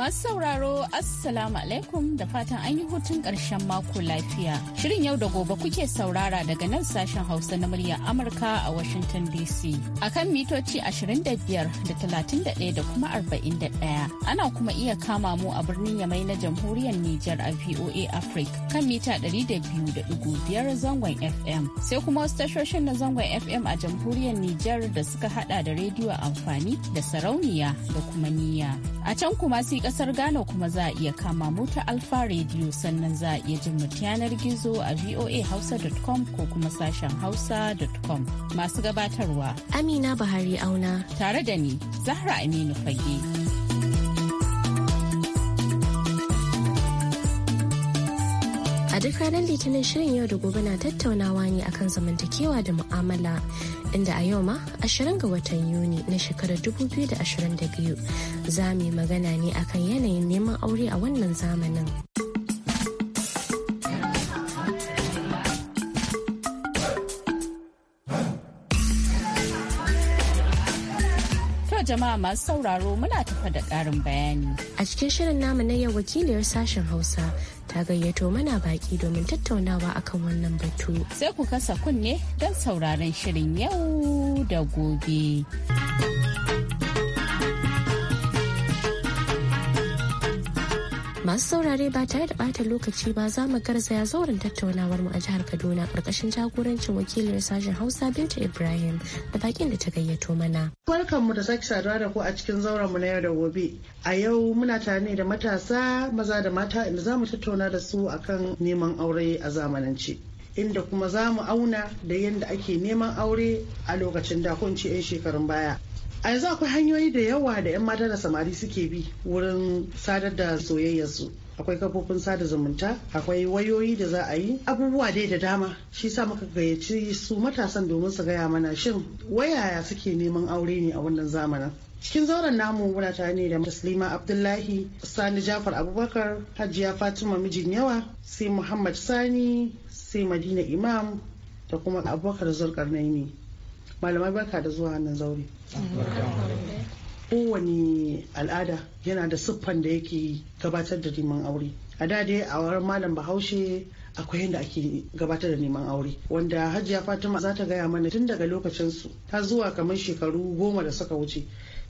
Masu sauraro, Assalamu alaikum da fatan an yi hutun ƙarshen mako lafiya. Shirin yau da gobe kuke saurara daga nan sashen Hausa na muryar Amurka a Washington DC. A kan mitoci 25 da 31 da kuma 41. Ana kuma iya kama mu a birnin Yamai na Jamhuriyar Nijar a VOA Africa kan mita 200.5 zangon FM. Sai kuma wasu tashoshin na zangon FM a Jamhuriyar Nijar da suka hada da rediyo amfani da sarauniya da kuma niyya. A can kuma sai kasar Ghana kuma za a iya kama mota ta Alfa Radio sannan za a iya jin mu yanar gizo a voahausa.com ko kuma sashen hausa.com. Masu gabatarwa Amina Buhari Auna tare da ni Zahra Aminu Fage. a duk ranar litinin shirin yau da gobe na tattaunawa ne akan zamantakewa da mu'amala inda a yau ma 20 ga watan Yuni na shekarar 2022 za mu yi magana ne akan yanayin neman aure a wannan zamanin. jama'a masu sauraro muna tafa da ƙarin bayani. A cikin shirin namu na yau wakiliyar sashen Hausa ta gayyato mana baki domin tattaunawa akan wannan batu. Sai ku kasa kunne don sauraron shirin yau da gobe. masu saurare ba tare da bata lokaci ba za mu garzaya zauren tattaunawar mu a jihar kaduna karkashin jagorancin wakilin sashen hausa binta ibrahim da bakin da ta gayyato mana barkan mu da sake saduwa da ku a cikin zauren mu na yau da gobe a yau muna tare da matasa maza da mata inda za mu tattauna da su akan neman aure a zamanance inda kuma za mu auna da yadda ake neman aure a lokacin da kun ce 'yan shekarun baya a yanzu akwai hanyoyi da yawa da 'yan mata da samari suke bi wurin sadar da soyayyarsu akwai kafofin sada zumunta akwai wayoyi da za a yi abubuwa dai da dama shi sa muka gayyaci su matasan domin su gaya mana shin wayaya suke neman aure ne a wannan zamanin cikin zauren namu muna ne da taslima abdullahi sani jafar abubakar hajiya fatima mijin yawa sai muhammad sani sai madina imam da kuma abubakar naimi malamai barka da zuwa wannan zaure kowane al'ada yana da siffan da yake gabatar da neman aure a da dai a wurin malam bahaushe akwai yadda ake gabatar da neman aure wanda hajiya fatima za ta gaya mana tun daga lokacinsu ta zuwa kamar shekaru goma da suka wuce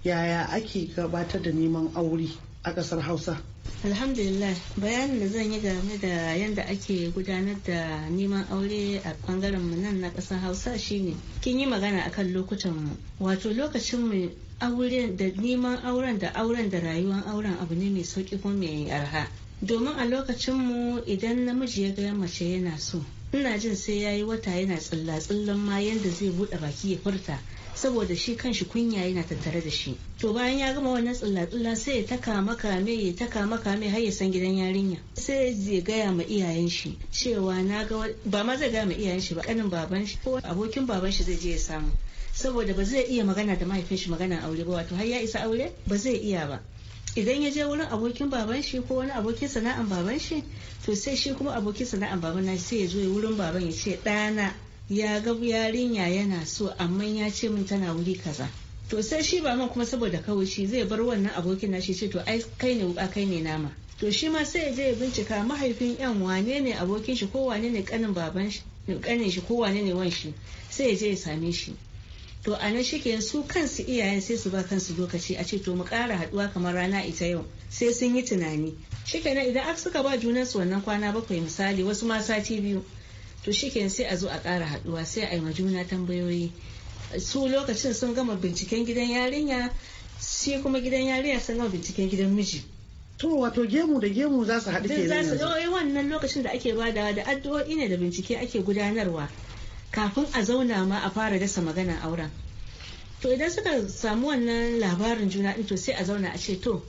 yaya ake gabatar da neman aure a ƙasar hausa alhamdulillah bayanin da zan yi game da yadda ake gudanar da neman aure a bangaren mu nan na ƙasar hausa shine kin yi magana akan lokutan mu wato lokacin mu auren da neman auren da auren da rayuwar auren abu ne mai sauki ko mai arha domin a lokacin mu idan namiji ya ga mace yana so ina jin sai yayi wata yana tsilla tsillan ma yadda zai buɗe baki ya furta saboda shi kanshi kunya yana tattare da shi to bayan ya gama wannan tsilla-tsilla sai ya taka makame ya taka makame har ya san gidan yarinya sai ya gaya ma iyayen shi cewa na ga ba ma zai gaya ma iyayen shi ba kanin baban shi ko abokin baban shi zai je ya samu saboda ba zai iya magana da mahaifin shi magana aure ba wato har ya isa aure ba zai iya ba idan ya je wurin abokin baban shi ko wani abokin sana'an baban shi to sai shi kuma abokin sana'an baban shi sai ya zo wurin baban ya ce ɗana ya ga yarinya yana so amma ya ce min tana wuri kaza to sai shi ba man kuma saboda kawai shi zai bar wannan abokin nashi ce to ai kai ne wuka kai ne nama to shi ma sai ya je ya bincika mahaifin yan wane ne abokin shi ko wane ne kanin baban shi kanin shi ko wane ne wan shi sai ya je ya same shi to a nan shike su kansu iyayen sai su ba kansu lokaci a ce to mu kara haduwa kamar rana ita yau sai sun yi tunani shikenan idan aka suka ba junansu wannan kwana bakwai misali wasu ma sati biyu to shiken sai a zo a ƙara haɗuwa sai a yi ma juna tambayoyi su lokacin sun gama binciken gidan yarinya shi kuma gidan yarinya sun gama binciken gidan miji to wato gemu da gemu za su haɗu ke za su eh, wannan lokacin da ake badawa da addu'o'i ne da bincike ake gudanarwa kafin a zauna ma a fara dasa magana auren to idan suka samu wannan labarin juna to sai a zauna a ce to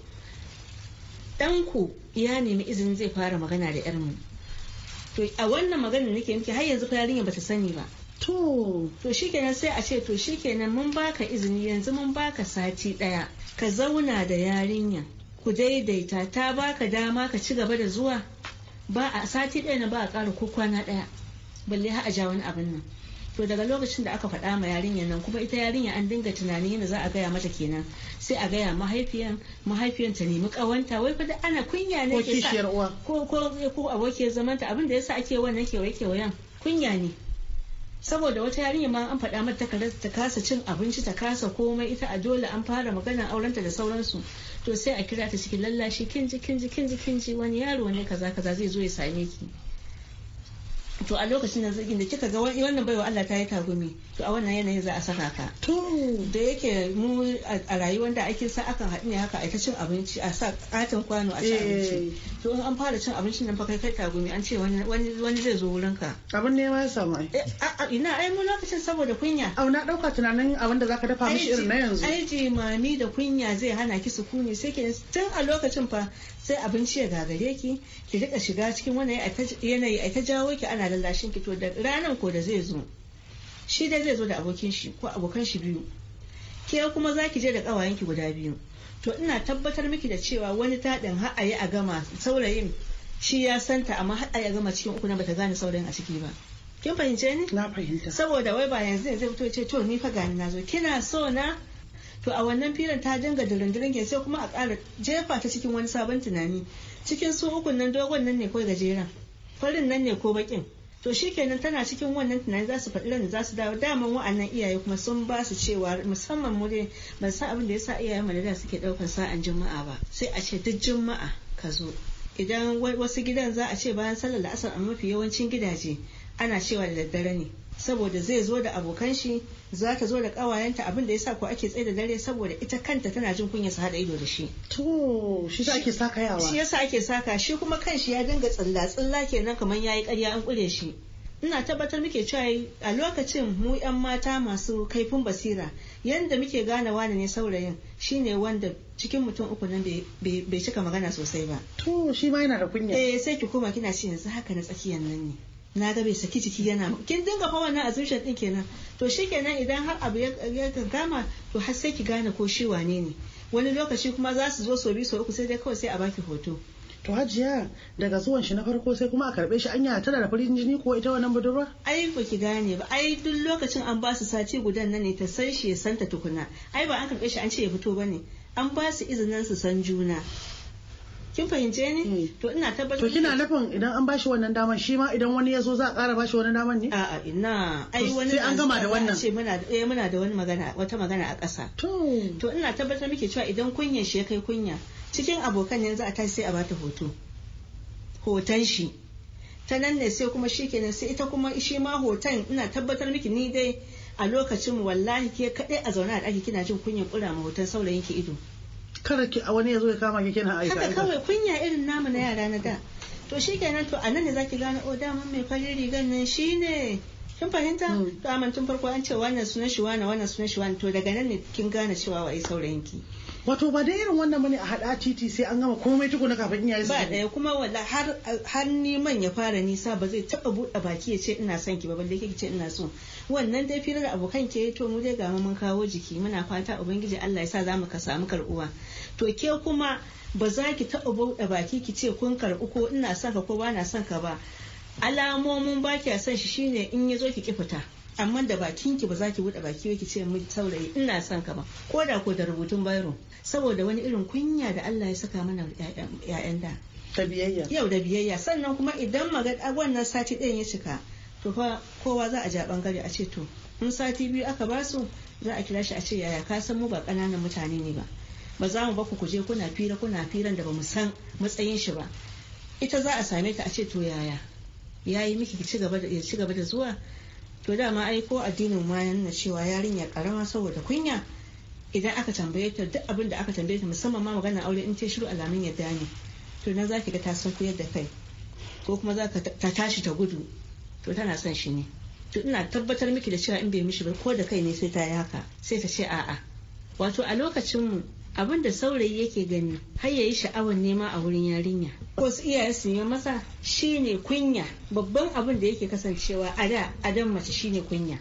ɗanku ya nemi izinin zai fara magana da 'yarmu to a wannan magana nake miki har yanzu fa yarinya bata sani ba to to shikenan sai a ce to shikenan mun baka izini yanzu mun baka sati daya ka zauna da yarinya ku daidaita ta baka dama ka ci gaba da zuwa ba a sati daya na ba a ƙara ko kwana daya balle har a ja wani abin nan to daga lokacin da aka faɗa ma yarinyar nan kuma ita yarinya an dinga tunani yana za a gaya mata kenan sai a gaya mahaifiyan mahaifiyan ta nemi kawanta wai fa ana kunya ne ke sa ko ko ko abokiyar zamanta abin da yasa ake wannan ke wayan kunya ne saboda wata yarinya ma an faɗa mata ta kasa cin abinci ta kasa komai ita a dole an fara magana aurenta da sauransu to sai a kira ta cikin lallashi kinji kinji kinji kinji wani yaro ne kaza kaza zai zo ya same ki to a lokacin yanzu inda kika ga wannan baiwa Allah ta yi tagumi to a wannan yanayin za a saka ka to da yake mu a rayuwar da ake sa akan haɗu ne haka a cin abinci a sa katin kwano a ci abinci eh. to in an fara cin abincin nan fa kai kai tagumi an ce wani zai zo wurin ka abin ne ma ya samu ai eh, ina ai mu lokacin saboda kunya au na dauka tunanin abin da zaka dafa mishi irin na yanzu ai jimami da kunya zai hana ki sukuni sai ke tun a lokacin fa sai abinci ya gagare ki ki rika shiga cikin wani yanayi a ta jawo ki ana lallashin ki to da ranan ko da zai zo shi dai zai zo da abokin shi ko abokan shi biyu ke kuma za ki je da kawayen ki guda biyu to ina tabbatar miki da cewa wani taɗin haɗaye a gama saurayin shi ya santa amma haɗaye a gama cikin uku na bata gane saurayin a ciki ba kin fahimce ni na fahimta saboda wai ba yanzu ne zai fito ce to ni fa gani na zo kina so na to a wannan filin ta dinga dirindirin ke sai kuma a ƙara jefa ta cikin wani sabon tunani cikin su ukun nan dogon nan ne ko gajeren farin nan ne ko bakin to shi kenan tana cikin wannan tunani za su faɗi ran da za su dawo daman wa'annan iyaye kuma sun ba su cewa musamman mu dai ban san abin da yasa iyayen mu da suke ɗaukar sa'an juma'a ba sai a ce duk juma'a ka zo idan wasu gidan za a ce bayan sallar asar a mafi yawancin gidaje ana cewa da daddare ne saboda zai zo da abokan shi za ta zo da kawayenta abin da sa ko ake tsaye da dare saboda ita kanta tana jin kunya su haɗa ido da shi to shi sa ake saka yawa shi yasa ake saka shi kuma kanshi ya dinga tsalla tsalla kenan kamar yayi ƙarya an kure shi ina tabbatar muke cewa a lokacin mu 'yan mata masu kaifin basira yadda muke gane wane ne saurayin shine wanda cikin mutum uku nan bai cika magana sosai ba to shi ma yana da kunya eh sai ki koma kina ci yanzu haka na tsakiyar nan ne na ga bai saki jiki yana kin dinga fa wannan assumption din kenan to shikenan idan har abu ya gama to har sai ki gane ko shi wane ne wani lokaci kuma za su zo sobi so uku sai dai kawai sai a baki hoto to hajiya daga zuwan shi na farko sai kuma a karbe shi anya tana da farin jini ko ita wannan budurwa ai ba ki gane ba ai duk lokacin an ba su sati gudan nan ne ta san shi ya santa tukuna ai ba an karbe shi an ce ya fito bane an ba su izinin su san juna kin fahimce ni mm. to ina tabbatar to kina nufin idan an bashi wannan daman shi ma idan wani ya zo za a ƙara bashi wannan daman ne a'a ina ai wani sai an gama da wannan ce muna eh muna da wani magana wata magana a ƙasa to to ina tabbatar miki cewa idan kunya shi ya kai kunya cikin abokan yanzu a tashi sai a bata hoto hoton shi ta nan ne sai kuma shi kenan sai ita kuma shi ma hoton ina tabbatar miki ni dai a lokacin wallahi ke kaɗai a zaune a ɗaki kina jin kunyan ƙura ma hoton saurayin ki ido kada ki a wani ya zo ya kama ki kina aika haka kawai kunya irin namu na yara na da to shi kenan to anan ne zaki gane o oh, daman mai farin rigan nan shine kin fahimta mm. to amma tun farko an ce wannan sunan shi wannan wannan sunan shi wannan to daga nan ne kin gane cewa wai saurayinki wato ba da irin wannan bane a hada titi sai an gama komai tukuna kafin iyaye su ba da kuma wala har har man ya fara nisa ba zai taba bude baki ya ce ina son ki ba balle kike ce ina so wannan dai firar abokan ke to mu dai ga mun kawo jiki muna fata ubangiji Allah ya sa za mu ka samu karbuwa to ke kuma ba za ki taɓa buɗe baki ki ce kun karɓi ko ina son ka ko ba na son ka ba alamomin ba son shi shine in ya zo ki ki fita amma da bakin ki ba za ki buɗe baki ki ce min saurayi ina son ka ba ko da ko da rubutun bayro saboda wani irin kunya da Allah ya saka mana ya'yan da ta biyayya yau da biyayya sannan kuma idan maga wannan sati ɗin ya cika to fa kowa za a ja bangare a ce to in sati biyu aka ba su za a kira shi a ce yaya ka san mu ba kananan mutane ne ba ba za mu baku kuje kuna fira kuna firan da ba mu san matsayin shi ba ita za a same ta a ce to yaya yayi miki ki ci da ci gaba da zuwa to dama ai ko addinin ma yana cewa yarinya karama saboda kunya idan aka tambaye ta duk abin da aka tambaye ta musamman ma magana aure in ce shiru alamin yadda ne to na zaki ga ta san koyar da kai ko kuma za ta tashi ta gudu to tana son shi ne to ina tabbatar miki da cewa in bai mishi ba ko da kai ne sai ta yi haka sai ta ce a'a wato a lokacin mu abin da saurayi yake gani har ya yi sha'awar nema a wurin yarinya Ko su iyaye su yi masa shine kunya babban abin da yake kasancewa a da adan mace shine kunya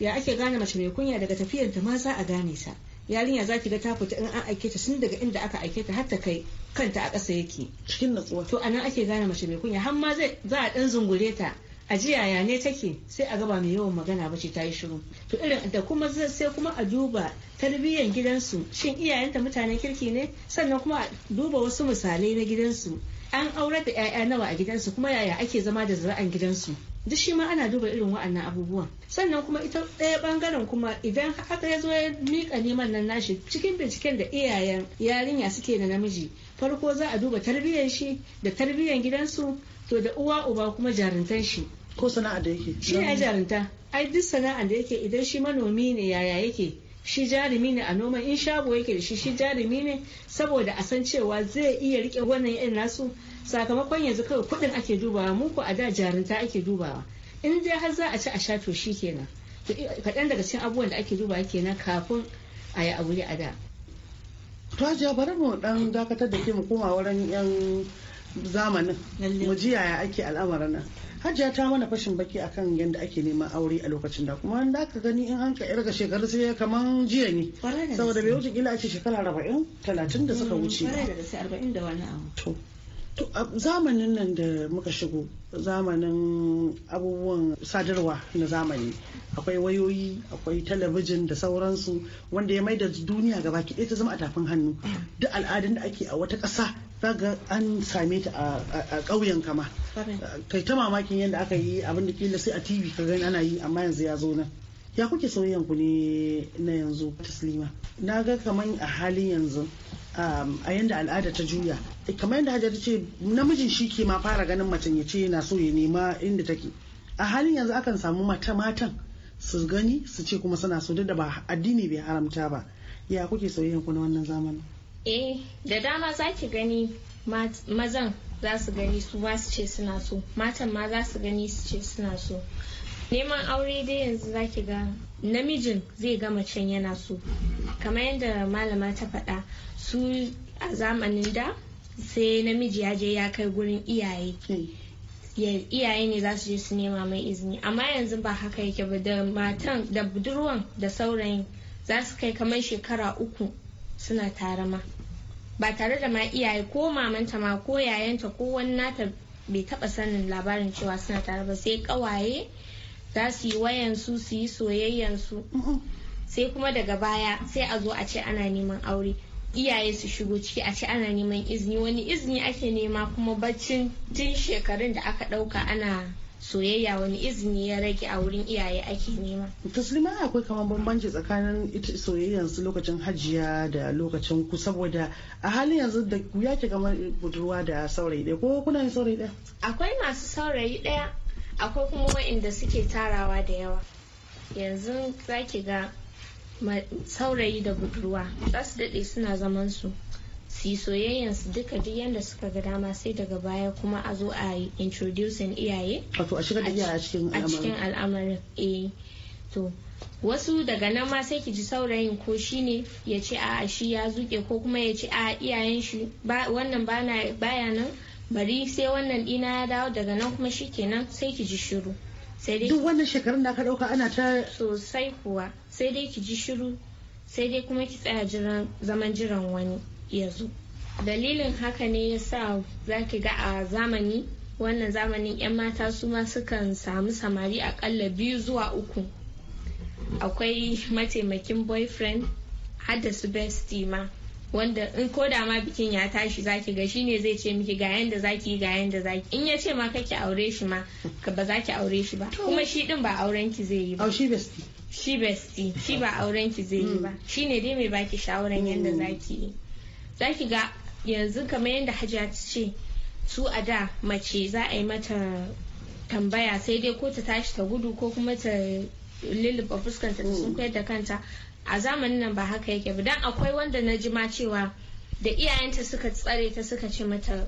ya ake gane mace mai kunya daga tafiyar ta ma za a gane sa yarinya za ki ga ta fita in an aike ta sun daga inda aka aike ta har ta kai kanta a ƙasa yake cikin natsuwa to anan ake gane mace mai kunya har ma za a dan zungure ta a ji yaya ne take sai a gaba mai yawan magana ba ce ta yi shiru to irin da kuma sai kuma a duba tarbiyyar gidansu shin iyayenta mutanen kirki ne sannan kuma a duba wasu misalai na gidansu an aurar da 'ya'ya nawa a gidansu kuma yaya ake zama da zira'an gidansu duk shi ma ana duba irin wa'annan abubuwan sannan kuma ita ɗaya bangaren kuma idan haka ya zo ya mika neman nan nashi cikin binciken da iyayen yarinya suke na namiji farko za a duba tarbiyyar shi da tarbiyyar gidansu to da uwa uba kuma jaruntan shi ko sana'a da yake shi ya jarinta ai duk sana'a da yake idan shi manomi ne yaya yake shi jarumi ne a noman in shago yake da shi shi jarumi ne saboda a san cewa zai iya rike wannan yan nasu sakamakon yanzu kawai kudin ake dubawa muku a da jarinta ake dubawa in dai har za a ci a sha to shi kenan kaɗan daga cikin abubuwan da ake dubawa kenan kafin a yi aure a da Rajiya bari mu dan dakatar da ke mu koma wurin yan zamanin mu ji yaya ake al'amarin nan hajiya ta mana fashin baki akan yadda ake neman aure a lokacin da kuma da aka gani in an ka ga shekaru sai ya kaman jiya ne saboda bai wuce kila ake shekara arba'in talatin da suka mm, wuce to to a zamanin nan da muka shigo zamanin abubuwan sadarwa na zamani akwai wayoyi akwai talabijin da sauransu wanda ya maida duniya gaba ki ta zama a tafin hannu mm. duk al'adun da ake a wata ƙasa zaga an same ta a ƙauyen kama kai ta mamakin yadda aka yi abin da kila sai a tv ka gani ana yi amma yanzu ya zo nan ya kuke sauyan ku ne na yanzu taslima na ga kamar a halin yanzu um, a yadda al'ada ta juya eh, kamar yadda hajjata ce namijin shi ke ma fara ganin macen ya ce na so ya nema inda take a halin yanzu akan samu mata matan su gani su ce kuma suna so duk da ba addini bai haramta ba ya kuke sauyan ku na wannan zamanin eh da dama za ki gani mazan za su gani su ba su ce suna so matan ma za su gani su ce suna so neman aure dai yanzu za ki ga namijin zai ga macen yana so kamar yadda malama ta faɗa su a zamanin da sai namiji ya je ya kai gurin iyaye hmm. iyaye ne za su je su nema mai izini amma yanzu ba haka yake ba da matan da budurwan da saurayin za su kai kamar shekara uku suna tare ma ba tare da ma iyaye ko mamanta ma ko yayanta ko wani nata bai taba sanin labarin cewa suna tare ba sai kawaye za su yi wayan su su yi soyayyan su sai kuma daga baya sai a zo a ce ana neman aure iyaye su shigo ciki a ce ana neman izini wani izini ake nema kuma baccin tun shekarun da aka dauka ana soyayya wani izini ya rage a wurin iyaye ake nema taslima akwai kamar bambanci tsakanin soyayyan su lokacin hajiya da lokacin ku saboda a halin yanzu da ya ke kamar budurwa da saurayi ɗaya ko kuna yin saurayi ɗaya akwai masu saurayi ɗaya akwai kuma waɗanda suke tarawa da yawa yanzu za ki ga saurayi da budurwa za su daɗe suna zaman su si soyayyan su duka duk yadda suka ga dama sai daga baya kuma a zo a introducing iyaye a cikin al'amarin a eh. to wasu daga nan ma sai ki ji saurayin ko shi ne ya ce a shi ya zuke ko kuma ya ce a iyayen shi wannan baya nan bari sai wannan dina ya dawo daga nan kuma shi kenan sai ki ji shiru duk wannan shekarun da aka dauka ana ta sosai kuwa sai dai ki ji shiru sai dai kuma ki tsaya zaman jiran wani ya dalilin haka ne ya sa za ki ga a zamani wannan zamanin 'yan mata su ma sukan samu samari akalla biyu zuwa uku akwai mataimakin boyfriend hadda su bestie ma wanda in ko da ma bikin ya tashi zaki ga shine zai ce miki ga yanda zaki ga yanda zaki in ya ce ma kake aure shi ma ba zaki aure shi ba kuma shi din ba auren ki zai yi ba shi besti shi besti shi ba auren ki zai yi ba mm. shine dai mai baki shawaran yanda zaki yi za ki ga yanzu kamar yadda hajiya ce su a da mace za a yi mata tambaya sai dai ko ta tashi ta gudu ko kuma ta lulluɓa fuskanta ta sun da kanta a zamanin nan ba haka yake ba dan akwai wanda na ji ma cewa da iyayenta suka tsare ta suka ce mata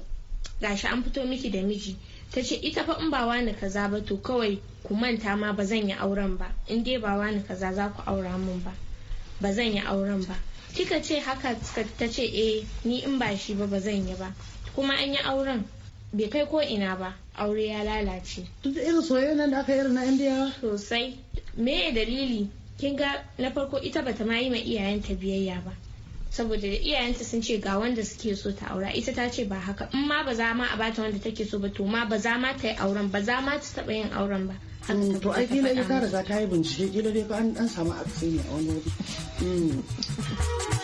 gashi an fito miki da miji ta ce ita fa in ba wani kaza ba to kawai ku manta ma ba zan yi auren ba in dai ba wani kaza za ku aura min ba ba zan yi auren ba kika ce haka ta ce eh ni in ba shi ba ba zan yi ba kuma an yi auren bai kai ko ina ba aure ya lalace duk irin soyayya nan da aka irin na indiya sosai me dalili kin ga na farko ita bata ma yi ma iyayenta biyayya ba saboda da iyayenta sun ce ga wanda suke so ta aura ita ta ce ba haka in ma ba za ma a bata wanda take so ba to ma ba za ma ta yi auren ba za ma ta taba yin auren ba mm, to ai kila ya ka riga ta yi bincike kila dai an samu aksini a wani wuri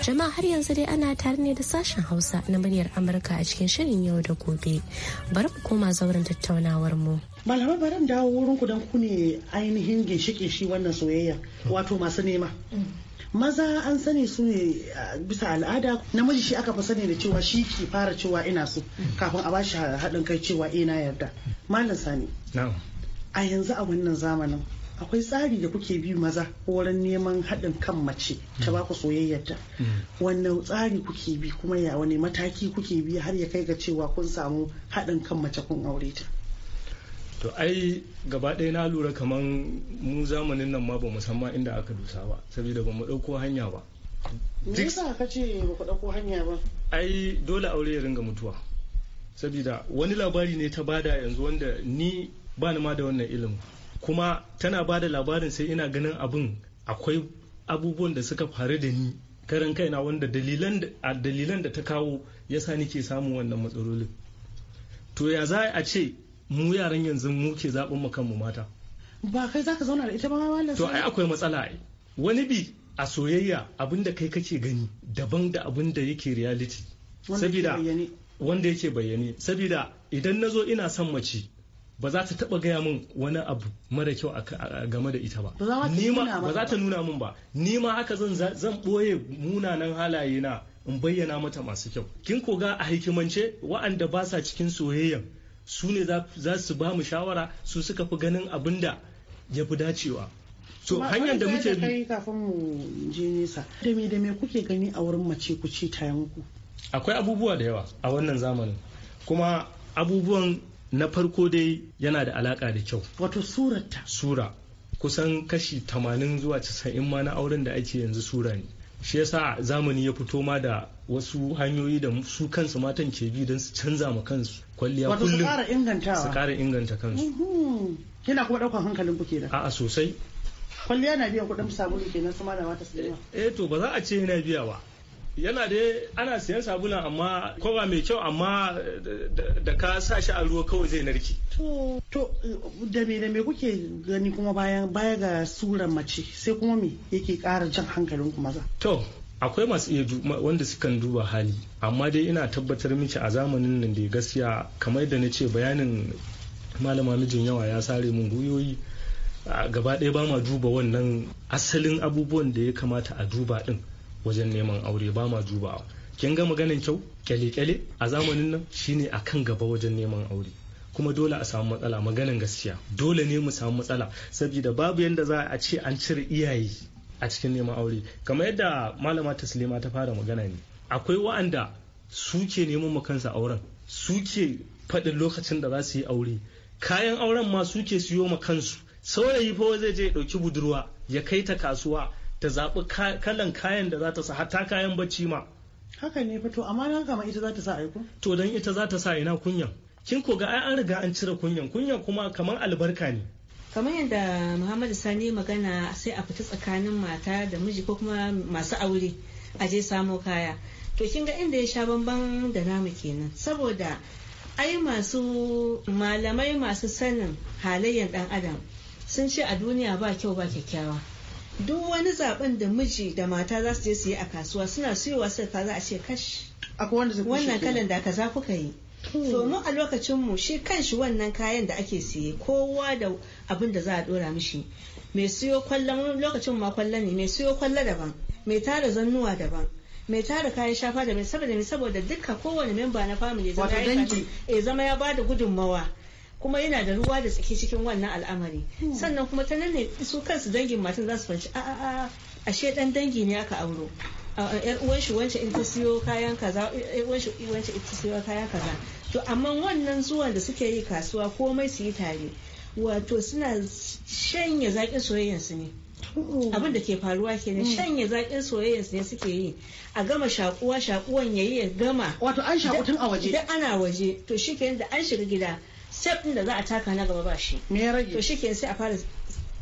Jama'a har yanzu dai ana tare ne da sashen Hausa na muryar Amurka a cikin shirin yau da gobe. Bari mu koma zauren tattaunawar mu. Malama bari mu dawo wurin ku dan ku ne ainihin ginshiƙin shi wannan soyayya wato masu nema. Maza an sani su ne bisa al'ada namiji shi aka fi sani da cewa shi ke fara cewa ina so kafin a bashi haɗin kai cewa ina eh, yarda. Malam Sani. A yanzu a wannan zamanin akwai tsari da kuke bi maza wurin neman haɗin kan mace ta mm. baku soyayyarta mm. wannan tsari kuke bi kuma ya wani mataki kuke bi har ya kai ga cewa kun samu haɗin kan mace kun aure ta to ai gaba ɗaya na lura kamar mu zamanin nan ma ba musamman inda aka dusa ba saboda ba mu ɗauko hanya ba me yasa ka ce ba ku ɗauko hanya ba ai dole aure ya ringa mutuwa saboda wani labari ne ta bada yanzu wanda ni ba ni ma da wannan ilimin kuma tana ba da labarin sai ina ganin abin akwai abubuwan da suka faru da ni karan kaina wanda dalilan da ta kawo ya sa nike samun wannan matsalolin to ya za a ce mu yaran yanzu mu ke zaɓin mu kanmu mata ba kai za ka zauna da ita ba malam to ai akwai matsala ai wani bi a soyayya abin da kai kake gani daban da abin da yake reality wanda yake bayyane saboda idan na zo ina son mace ba za ta taba gaya min wani abu mara kyau game da ita ba ba za ta nuna min ba ni ma haka zan zan boye munanan halaye na in bayyana mata masu kyau kin koga a hikimance wa'anda ba sa cikin soyayya su ne za su ba mu shawara su suka fi ganin abin da ya fi dacewa so hanyar da muke bi kafin mu je nesa. da me da me kuke gani a wurin mace ku ce ta yanku akwai abubuwa da yawa a wannan zamanin kuma abubuwan na farko dai yana da alaka da kyau wato surata sura kusan kashi 80 zuwa 90 ma na auren da ake yanzu sura ne shi yasa zamani ya fito ma da wasu hanyoyi da su kansu matan ke bi don su canza ma kansu kwalliya kullum su kara ingantawa su kara inganta kansu kina kuma daukar hankalin ku kenan a'a sosai kwalliya na biyan kuɗin sabulu kenan su malama ta sallama eh to ba za a ce yana biya ba yana da ana sayan sabulun amma kowa mai kyau amma da ka sa shi a ruwa kawai zai narke to to da me da me kuke gani kuma bayan baya ga suran mace sai kuma me yake ƙara jan hankalin ku maza to akwai masu iya wanda suka duba hali amma dai ina tabbatar miki a zamanin nan da gaskiya kamar da na ce bayanin malama mijin yawa ya sare mun guyoyi gaba ɗaya ba ma duba wannan asalin abubuwan da ya kamata a duba ɗin wajen neman aure ba ma dubawa kin ga maganin kyau kyale-kyale a zamanin nan shine a kan gaba wajen neman aure kuma dole a samu matsala maganin gaskiya dole ne mu samu matsala saboda babu yadda za a ce an cire iyaye a cikin neman aure kamar yadda malama taslima ta fara magana ne akwai wa'anda suke neman mu kansa auren suke faɗin lokacin da za su yi aure kayan auren ma suke siyo ma kansu saurayi fa zai je ya ɗauki budurwa ya kai ta kasuwa ta zaɓi kalan kayan da za ta sa hatta kayan bacci ma haka ne fito amma nan kama ita za ta sa aiko to don ita za ta sa ina kunyan kin ko ga ai an riga an cire kunyan kunyan kuma kamar albarka ne kamar yadda muhammadu sani magana sai a fita tsakanin mata da miji ko kuma masu aure a je samo kaya to kin ga inda ya sha bamban da namu kenan saboda ai masu malamai masu sanin halayyar dan adam sun ce a duniya ba kyau ba kyakkyawa duk wani zaben da miji da mata za su je su yi a kasuwa suna siyowa su ka za a ce kash wannan kalan da kaza kuka yi so mu a lokacin mu shi kanshi wannan kayan da ake siye kowa da abin da za a dora mishi mai siyo kwallon lokacin ma kwallo ne mai siyo kwallo daban mai tara zannuwa daban mai tara kayan shafa da mai saboda mai saboda dukka kowane memba na family zama ya bada gudunmawa kuma yana da ruwa da tsaki cikin wannan al'amari hmm. sannan kuma ta nan ne su kansu dangin matan za su fanci a a a ashe dan dangi ne aka auro yar uwan shi wance in ta siyo kayan kaza yar uwan shi wance in ta siyo kayan kaza to amma wannan zuwan da suke yi kasuwa komai su yi tare wato suna shanya zaƙin soyayyar su ne hmm. abin da ke faruwa ke ne hmm. shanya zaƙin soyayyar su ne suke yi a gama shakuwa shakuwan yayi ya gama wato an shaku tun a waje da ana waje to shikenan da an shiga gida sef din da za a taka na gaba ba shi me ya rage to shikenan sai a fara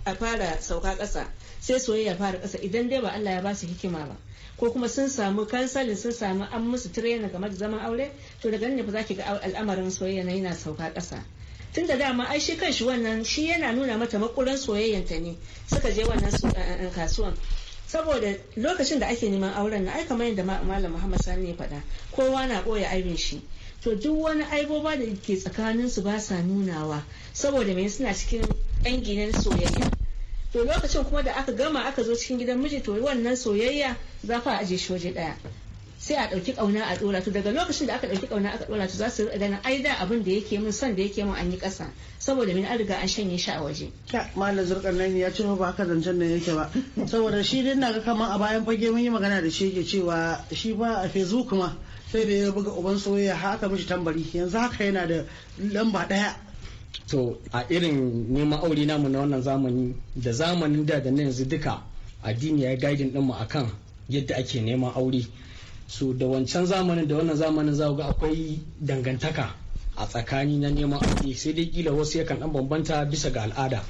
a fara sauka kasa sai soyayya fara kasa idan dai ba Allah ya ba su hikima ba ko kuma sun samu kansalin sun samu an musu training game da zaman aure to daga nan ne ba za ki ga al'amarin soyayya na yana sauka kasa tun da dama ai shi kanshi wannan shi yana nuna mata makurin soyayyan ta ne suka je wannan eh, eh, kasuwan saboda lokacin da ake neman auren na ai kamar yadda malam Muhammad Sani ya faɗa kowa na ɓoye aibin shi to duk wani aiboba da ke tsakanin su ba sa nunawa saboda mai suna cikin yan ginin soyayya to lokacin kuma da aka gama aka zo cikin gidan miji to wannan soyayya za fa aje shi waje daya sai a dauki kauna a dora to daga lokacin da aka dauki kauna aka dora to za su riƙa ganin ai da abin da yake min san da yake min an yi kasa saboda min an riga an shanye shi a waje. Malam zurkan nan ya ce ba haka zancen nan yake ba saboda shi din na ga kaman a bayan fage mun yi magana da shi yake cewa shi ba a Facebook ma sai da ya buga uban soyayya haka mishi tambari yanzu haka yana da lamba daya to a irin neman aure namu na wannan zamani da zamanin da da yanzu duka addini ya gaidin mu akan yadda ake neman aure so da wancan zamanin da wannan zamanin za ga akwai dangantaka a tsakani na neman aure sai dai kila wasu yakan dan bambanta bisa ga al'ada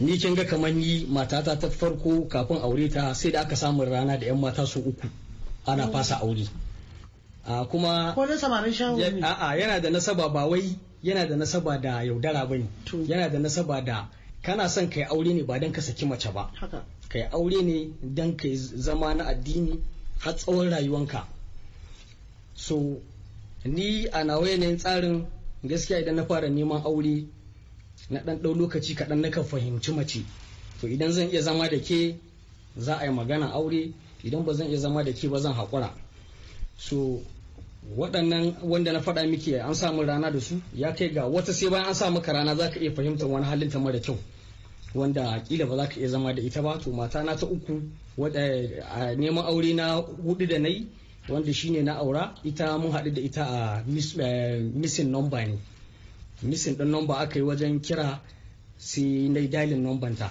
ni kin ga kamar ni matata ta farko kafin aure ta sai da aka samu rana da yan mata su uku ana fasa aure kuma ko na samarin shawo ne a'a yana da nasaba ba wai yana da nasaba da yaudara bane yana da nasaba da kana son kai aure ne ba dan ka saki mace ba kai aure ne dan kai zama na addini har tsawon rayuwanka so ni a nawaye ne tsarin gaskiya idan na fara neman aure na ɗan dau lokaci kaɗan na kan fahimci mace to idan zan iya zama da ke za a yi magana aure idan ba zan iya zama da ke ba zan haƙura so waɗannan wanda na faɗa miki an samu rana da su ya kai ga wata sai bayan an samu ka rana zaka iya fahimtar wani halin ta mara kyau wanda kila ba za ka iya zama da ita ba to mata na ta uku neman aure na hudu da na yi wanda shine na aura ita mun haɗu da ita a eh, missing number ne missing ɗin number aka yi wajen kira sai na dalin number ta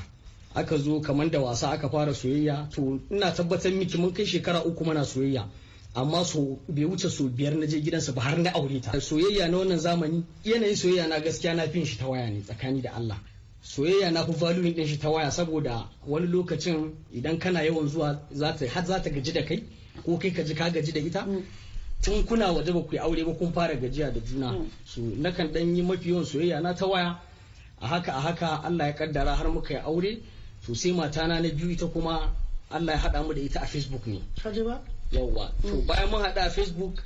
aka zo kamar da wasa aka fara soyayya to ina tabbatar miki mun kai shekara uku mana soyayya amma so bai wuce so biyar na je gidansa ba har na aure ta soyayya na wannan zamani yanayin soyayya na gaskiya na fin shi ta waya ne tsakani da Allah soyayya na fi valuing din shi ta waya saboda wani lokacin idan kana yawan zuwa har zata gaji da kai ko kai ka ji ka gaji da ita mm. tun kuna waje ba ku yi aure ba kun fara gajiya da juna mm. so nakan dan yi mafi yawan soyayya na ta waya a haka a haka Allah ya kaddara har muka yi aure to sai matana na biyu ita kuma Allah ya haɗa mu da ita a Facebook ne. yawwa to mm. bayan mun hada a facebook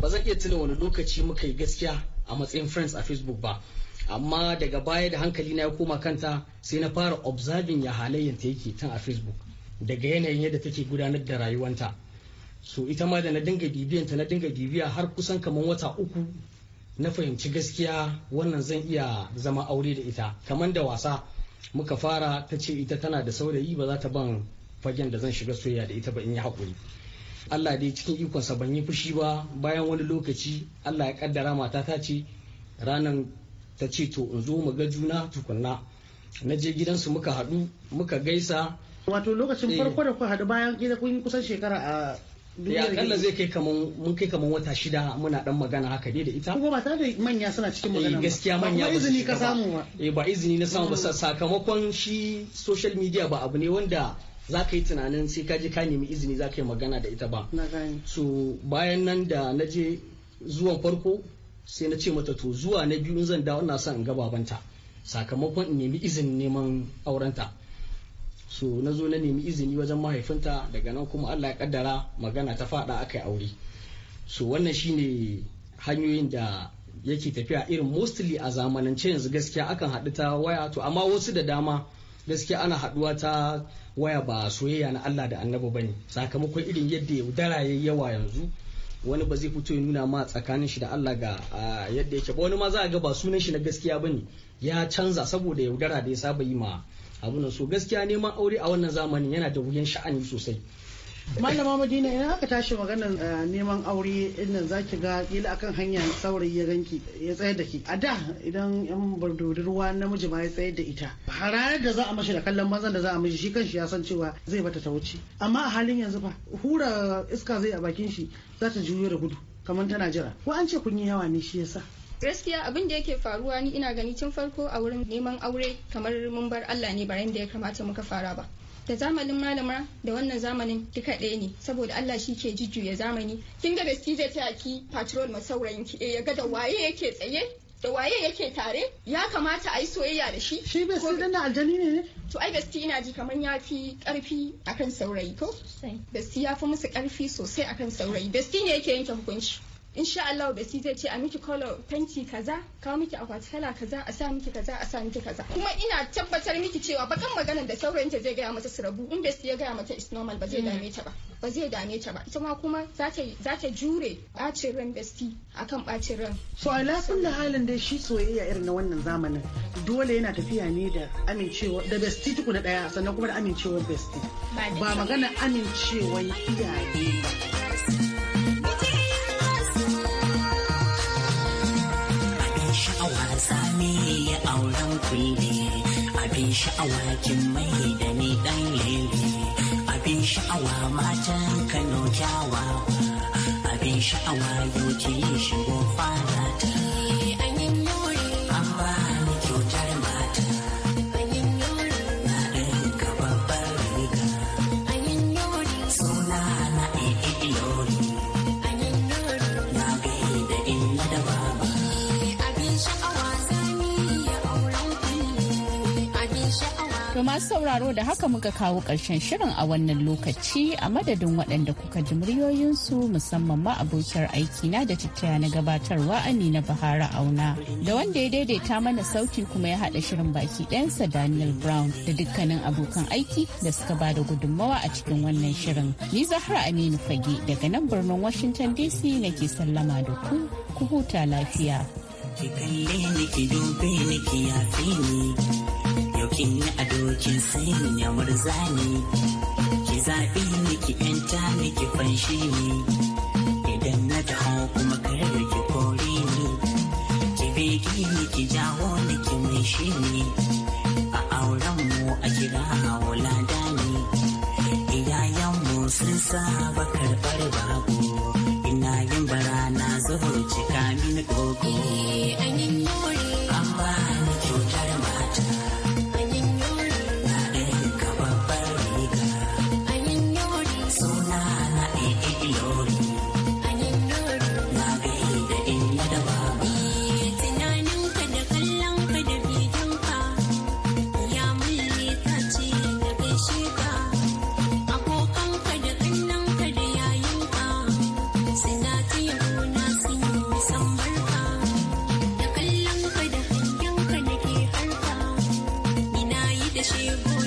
ba zan iya tuna wani lokaci muka yi gaskiya a matsayin friends a facebook ba amma daga baya da hankali na ya koma kanta sai na fara observing ya halayyanta yake tun a facebook daga yanayin yadda take gudanar da rayuwanta so ita ma da na dinga ta na dinga bibiya har kusan kamar wata uku na fahimci gaskiya wannan zan iya zama aure da ita kaman da wasa muka fara ta ce ita tana da saurayi ba za ta ban fagen da zan shiga soyayya da ita ba in yi haƙuri Allah dai cikin ikonsa ban yi fushi ba bayan wani lokaci Allah ya kaddara mata ta ce ranan ta ce to in zo mu ga juna tukunna na je gidansu muka haɗu muka gaisa wato lokacin eh. farko da ku haɗu bayan gida kun kusan shekara a eh, ya kalla zai kai kaman mun kai kaman wata shida muna dan magana haka ne da ita kuma ba tare da manya suna cikin magana eh, gaskiya manya ba izini ka samu ba eh ba izini na samu ba mm. sakamakon shi social media ba abu ne wanda za ka yi tunanin sai ka je ka nemi izini za ka yi magana da ita ba so bayan nan da na je zuwan farko sai na ce mata to zuwa na biyu zan dawo na son in ga babanta sakamakon in nemi izinin neman aurenta so na zo na nemi izini wajen mahaifinta daga nan kuma allah ya kaddara magana ta faɗa aka yi aure so wannan shine hanyoyin da yake tafiya irin mostly a zamanance yanzu gaskiya akan haɗu ta waya to amma wasu da dama gaskiya ana haduwa ta waya ba soyayya na Allah da annabi bane sakamakon irin yadda yaudara yayi yawa yanzu wani ba zai fito ya nuna ma tsakanin shi da Allah ga yadda yake ba wani ma za a ga ba sunan shi na gaskiya bane ya canza saboda yaudara da ya saba yi ma abun so gaskiya neman aure a wannan zamanin yana da wuyan sha'ani sosai malama madina idan aka tashi maganar eh, neman aure inda za ki ga kila akan hanya saurayi ya ganki ya tsayar da ki a da idan yan ruwa namiji ma ya tsayar da ita Ranar da za a mashi da kallon mazan da za a mashi shi kanshi ya san cewa zai bata ta wuce amma a halin yanzu fa hura iska zai a bakin shi za ta juyo da gudu kamar tana jira ko an ce kun yi yawa ne shi yasa gaskiya abin da yake faruwa ni ina gani tun farko a wurin neman aure kamar mun bar Allah ne bayan da ya kamata muka fara ba da zamanin malama da wannan zamanin duka ɗaya ne saboda Allah shi ke jujjuya zamani kin ga gaske zai taya ki patrol masaurayin ki eh, ya ga da waye yake tsaye da waye yake tare ya kamata a yi soyayya da shi shi ba sai dan aljani to ai gaske ina ji kamar ya fi karfi akan saurayi ko gaske ya fi musu karfi sosai akan saurayi gaske ne yake yanke hukunci insha Allah besti zai ce a miki color fenti kaza kawo miki akwati kala kaza a sa miki kaza a sa miki kaza kuma ina tabbatar miki cewa bakan maganar da saurayinta zai gaya mata su rabu in ya ga mata is normal ba zai mm. dame ta ba ba zai dame ta ba ita ma kuma za ta jure bacin ran besti akan bacin ran so a lafin da halin dai shi soyayya irin na wannan zamanin dole yana tafiya ne da amincewa da besti tukuna daya sannan kuma da amincewar besti ba magana amincewar iyaye ba kulle abin sha'awa kin mai da ni dan lele abin sha'awa matan Kano kyawawa abin sha'awa yau ki shi To masu sauraro da haka muka kawo ƙarshen shirin a wannan lokaci a madadin waɗanda kuka ji muryoyinsu musamman ma abokiyar aiki na da tattaya na gabatarwa Amina Bahara Auna da wanda ya daidaita mana sauti kuma ya haɗa shirin baki ɗayansa Daniel Brown da dukkanin abokan aiki da suka ba da gudunmawa a cikin wannan shirin. Ni Zahra Aminu Fage daga nan birnin Washington DC nake sallama da ku, ku huta lafiya. Ki kalle ni ki dube yafe ni. yau kin yi ado kin sanya murzani ki zaɓi ni ki ƴanta ni ki fanshi ni